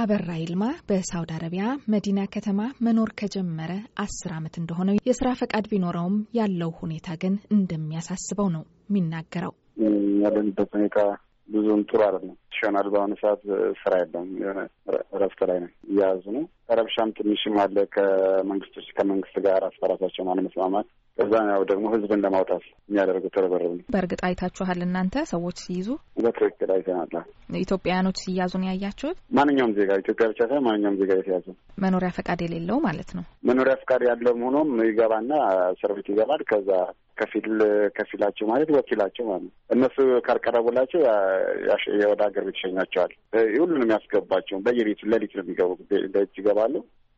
አበራ ይልማ በሳውዲ አረቢያ መዲና ከተማ መኖር ከጀመረ አስር ዓመት እንደሆነው የስራ ፈቃድ ቢኖረውም ያለው ሁኔታ ግን እንደሚያሳስበው ነው የሚናገረው። ያለንበት ሁኔታ ብዙም ጥሩ አይደለም። ሽናል በአሁኑ ሰዓት ስራ የለም። የሆነ እረፍት ላይ ነው እያያዙ ነው። ረብሻም ትንሽም አለ። ከመንግስቶች ከመንግስት ጋር አስፈራሳቸውን አለመስማማት እዛም ያው ደግሞ ህዝብን ለማውጣት የሚያደርጉት ተረበረብ ነው። በእርግጥ አይታችኋል እናንተ ሰዎች ሲይዙ? በትክክል አይተናል። ኢትዮጵያውያኖች ነው ያያችሁት? ማንኛውም ዜጋ ኢትዮጵያ ብቻ ሳይሆን ማንኛውም ዜጋ የተያዙ መኖሪያ ፈቃድ የሌለው ማለት ነው። መኖሪያ ፈቃድ ያለውም ሆኖም ይገባና እስር ቤት ይገባል። ከዛ ከፊል ከፊላቸው ማለት ወኪላቸው ማለት ነው። እነሱ ካልቀረቡላቸው የወደ ሀገር ቤት ይሸኛቸዋል። ሁሉንም ያስገባቸው በየቤቱ ለሊት ነው የሚገቡ ለሊት ይገባሉ።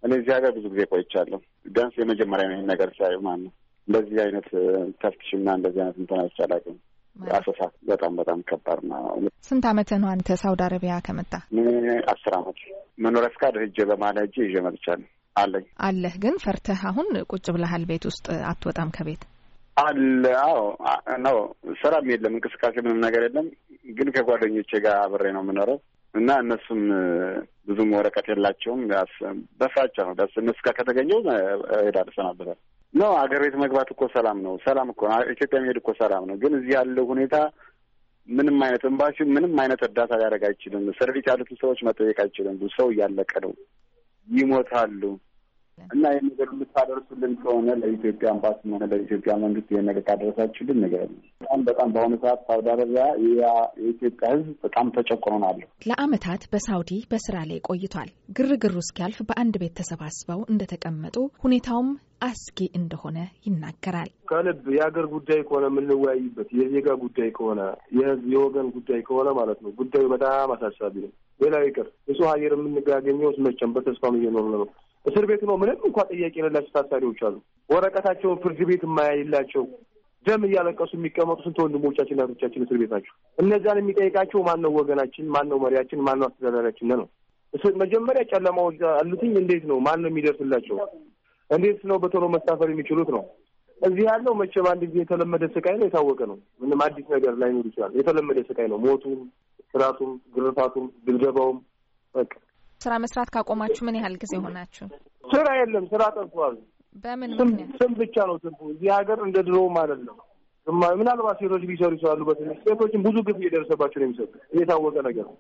እኔ እዚህ ሀገር ብዙ ጊዜ ቆይቻለሁ። ቢያንስ የመጀመሪያ ነው ይህን ነገር ሲያዩ ማለት ነው። እንደዚህ አይነት ተፍትሽ እና እንደዚህ አይነት እንትን አይቼ አላውቅም። አሰሳት በጣም በጣም ከባድ ነው። ስንት አመት ነው አንተ ሳውዲ አረቢያ ከመጣ? አስር አመት መኖሪያ ፍቃድ ሂጄ በማለ ሂጄ ይዤ መጥቻለሁ። አለኝ አለህ። ግን ፈርተህ አሁን ቁጭ ብለሃል ቤት ውስጥ አትወጣም ከቤት አለ? አዎ ነው። ስራም የለም እንቅስቃሴ ምንም ነገር የለም። ግን ከጓደኞቼ ጋር አብሬ ነው የምኖረው እና እነሱም ብዙም ወረቀት የላቸውም። በፍራቻ ነው ደስ እነሱ ጋር ከተገኘው ሄዳ ደሰናበታል ነው አገር ቤት መግባት እኮ ሰላም ነው። ሰላም እኮ ኢትዮጵያ መሄድ እኮ ሰላም ነው። ግን እዚህ ያለው ሁኔታ ምንም አይነት ኤምባሲው ምንም አይነት እርዳታ ሊያደርግ አይችልም። ሰርቪስ ያሉትን ሰዎች መጠየቅ አይችልም። ብዙ ሰው እያለቀ ነው። ይሞታሉ። እና ይህ ነገር የምታደርሱልን ከሆነ ለኢትዮጵያ አምባሲም ሆነ ለኢትዮጵያ መንግስት ይህ ነገር ካደረሳችሁልን ነገር በጣም በጣም በአሁኑ ሰዓት ሳውዲ አረቢያ የኢትዮጵያ ህዝብ በጣም ተጨቁኖናለሁ። ለአመታት በሳውዲ በስራ ላይ ቆይቷል። ግርግሩ እስኪያልፍ በአንድ ቤት ተሰባስበው እንደተቀመጡ ሁኔታውም አስጊ እንደሆነ ይናገራል። ከልብ የሀገር ጉዳይ ከሆነ የምንወያይበት የዜጋ ጉዳይ ከሆነ የህዝብ የወገን ጉዳይ ከሆነ ማለት ነው ጉዳዩ በጣም አሳሳቢ ነው። ሌላው ይቅር ንጹህ አየር የምንጋገኘው መቼም በተስፋም እየኖር ነው እስር ቤት ነው ምንም እንኳ ጥያቄ የሌላቸው ታሳሪዎች አሉ። ወረቀታቸውን ፍርድ ቤት የማያይላቸው ደም እያለቀሱ የሚቀመጡ ስንት ወንድሞቻችን እናቶቻችን እስር ቤት ናቸው። እነዚያን የሚጠይቃቸው ማነው? ወገናችን ማነው? መሪያችን ማነው? አስተዳዳሪያችን ነው። መጀመሪያ ጨለማዎች አሉትኝ እንዴት ነው? ማን ነው የሚደርስላቸው? እንዴት ነው በቶሎ መሳፈር የሚችሉት ነው? እዚህ ያለው መቼም አንድ ጊዜ የተለመደ ስቃይ ነው፣ የታወቀ ነው። ምንም አዲስ ነገር ላይኖር ይችላል። የተለመደ ስቃይ ነው። ሞቱም፣ ስራቱም፣ ግርፋቱም፣ ድብደባውም በቃ ስራ መስራት ካቆማችሁ ምን ያህል ጊዜ ሆናችሁ? ስራ የለም። ስራ ጠፍቷል። በምን ምክንያት? ስም ብቻ ነው ስሙ። እዚህ ሀገር እንደ ድሮ ማለት ነው። ምናልባት ሴቶች ቢሰሩ ይችላሉ። በትንሽ ሴቶችን ብዙ ግፍ እየደረሰባቸው ነው የሚሰጡ እየታወቀ ነገር ነው።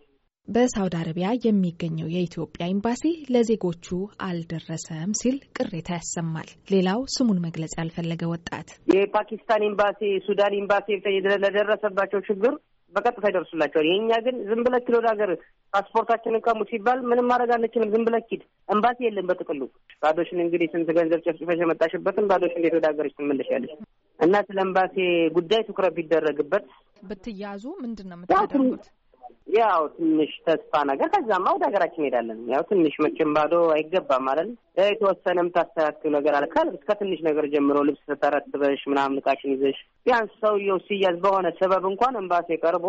በሳውዲ አረቢያ የሚገኘው የኢትዮጵያ ኤምባሲ ለዜጎቹ አልደረሰም ሲል ቅሬታ ያሰማል። ሌላው ስሙን መግለጽ ያልፈለገ ወጣት የፓኪስታን ኤምባሲ፣ ሱዳን ኤምባሲ ለደረሰባቸው ችግር በቀጥታ ይደርሱላቸዋል። የእኛ ግን ዝም ብለህ ሂድ ወደ ሀገር ፓስፖርታችንን ቀሙ ሲባል ምንም ማድረግ አንችልም። ዝም ብለህ ኪድ ኤምባሲ የለም። በጥቅሉ ባዶሽን እንግዲህ ስንት ገንዘብ ጨፍጭፈሽ የመጣሽበትን ባዶሽ እንዴት ወደ ሀገርሽ ትመለሻለሽ? እና ስለ እምባሴ ጉዳይ ትኩረት ቢደረግበት ብትያዙ ምንድን ነው የምታደርጉት? ያው ትንሽ ተስፋ ነገር ከዛማ ወደ ሀገራችን እንሄዳለን። ያው ትንሽ መቼም ባዶ አይገባም ማለት የተወሰነም ታስተካክል ነገር አለ። እስከ ትንሽ ነገር ጀምሮ ልብስ ተረትበሽ ምናምን እቃሽን ይዘሽ ቢያንስ ሰውየው ሲያዝ በሆነ ሰበብ እንኳን እምባሴ ቀርቦ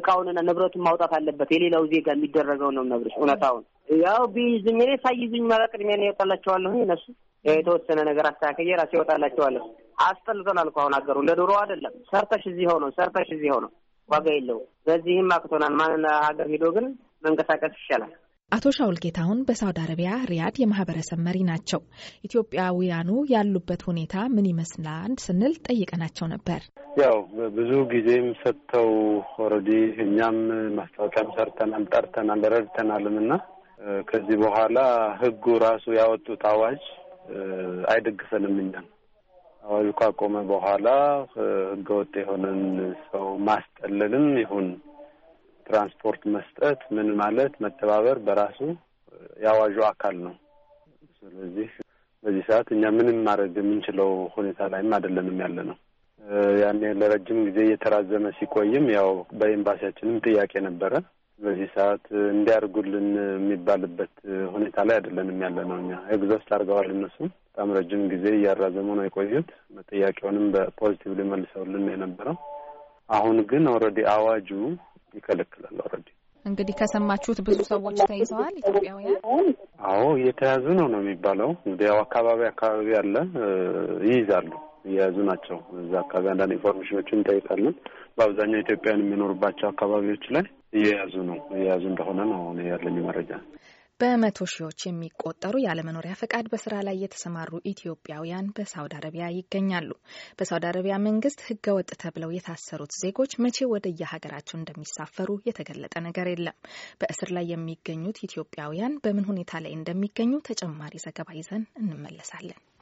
እቃውንና ንብረቱን ማውጣት አለበት። የሌላው ዜጋ የሚደረገው ነው ነብርሽ እውነታውን ያው ቢይዝኝ እኔ ሳይዝኝ ማለት ቅድሚያ ነው ይወጣላቸዋለሁ እነሱ የተወሰነ ነገር አስተካክዬ ራሴ ይወጣላቸዋለሁ። አስጠልቶናል እኮ አሁን ሀገሩ እንደ ዶሮ አይደለም። ሰርተሽ እዚህ ሆኖ ሰርተሽ እዚህ ሆኖ ዋጋ የለው። በዚህም አቅቶናል። ማን ሀገር ሄዶ ግን መንቀሳቀስ ይሻላል። አቶ ሻውል ጌታሁን በሳውዲ አረቢያ ሪያድ የማህበረሰብ መሪ ናቸው። ኢትዮጵያውያኑ ያሉበት ሁኔታ ምን ይመስላል ስንል ጠይቀናቸው ነበር። ያው ብዙ ጊዜም ሰጥተው ኦልሬዲ እኛም ማስታወቂያም ሰርተናል፣ ጠርተናል፣ ረድተናልም እና ከዚህ በኋላ ህጉ ራሱ ያወጡት አዋጅ አይደግፈንም እኛም አዋጁ ካቆመ በኋላ ህገወጥ የሆነን ሰው ማስ መጠለልም ይሁን ትራንስፖርት መስጠት ምን ማለት መተባበር በራሱ የአዋዡ አካል ነው። ስለዚህ በዚህ ሰዓት እኛ ምንም ማድረግ የምንችለው ሁኔታ ላይም አይደለንም ያለ ነው። ያኔ ለረጅም ጊዜ እየተራዘመ ሲቆይም ያው በኤምባሲያችንም ጥያቄ ነበረ። በዚህ ሰዓት እንዲያርጉልን የሚባልበት ሁኔታ ላይ አይደለንም ያለ ነው። እኛ ኤግዞስት አድርገዋል እነሱም በጣም ረጅም ጊዜ እያራዘሙ ነው የቆዩት። ጥያቄውንም በፖዚቲቭ ሊመልሰውልን የነበረው አሁን ግን ኦልሬዲ አዋጁ ይከለክላል። ኦልሬዲ እንግዲህ ከሰማችሁት ብዙ ሰዎች ተይዘዋል ኢትዮጵያውያን። አዎ እየተያዙ ነው ነው የሚባለው። እንግዲህ አካባቢ አካባቢ አለ ይይዛሉ እየያዙ ናቸው። እዛ አካባቢ አንዳንድ ኢንፎርሜሽኖችን እንጠይቃለን። በአብዛኛው ኢትዮጵያውያን የሚኖሩባቸው አካባቢዎች ላይ እየያዙ ነው እየያዙ እንደሆነ ነው ያለኝ መረጃ። በመቶ ሺዎች የሚቆጠሩ ያለመኖሪያ ፈቃድ በስራ ላይ የተሰማሩ ኢትዮጵያውያን በሳውዲ አረቢያ ይገኛሉ። በሳውዲ አረቢያ መንግስት ህገ ወጥ ተብለው የታሰሩት ዜጎች መቼ ወደ የሀገራቸው እንደሚሳፈሩ የተገለጠ ነገር የለም። በእስር ላይ የሚገኙት ኢትዮጵያውያን በምን ሁኔታ ላይ እንደሚገኙ ተጨማሪ ዘገባ ይዘን እንመለሳለን።